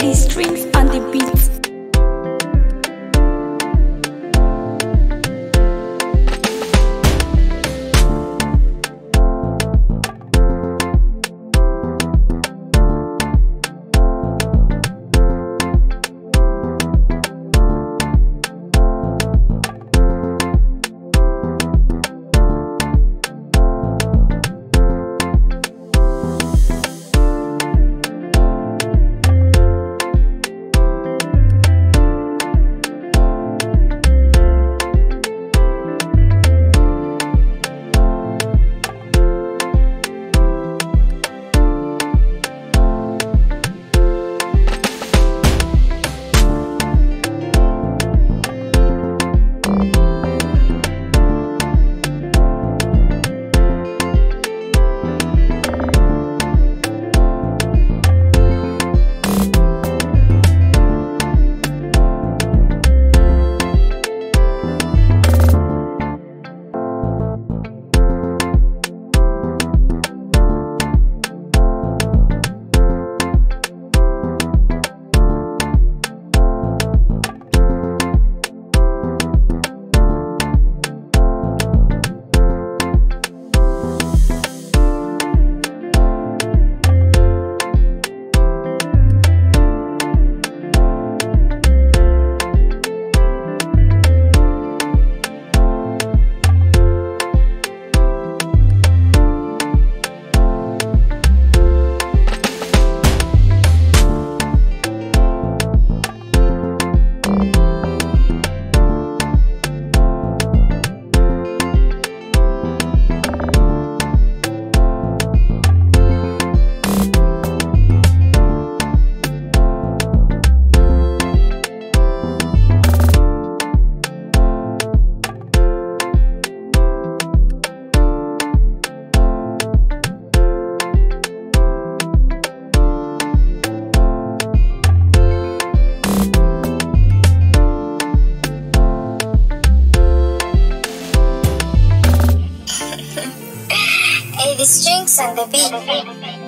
Lady Strings and the beat.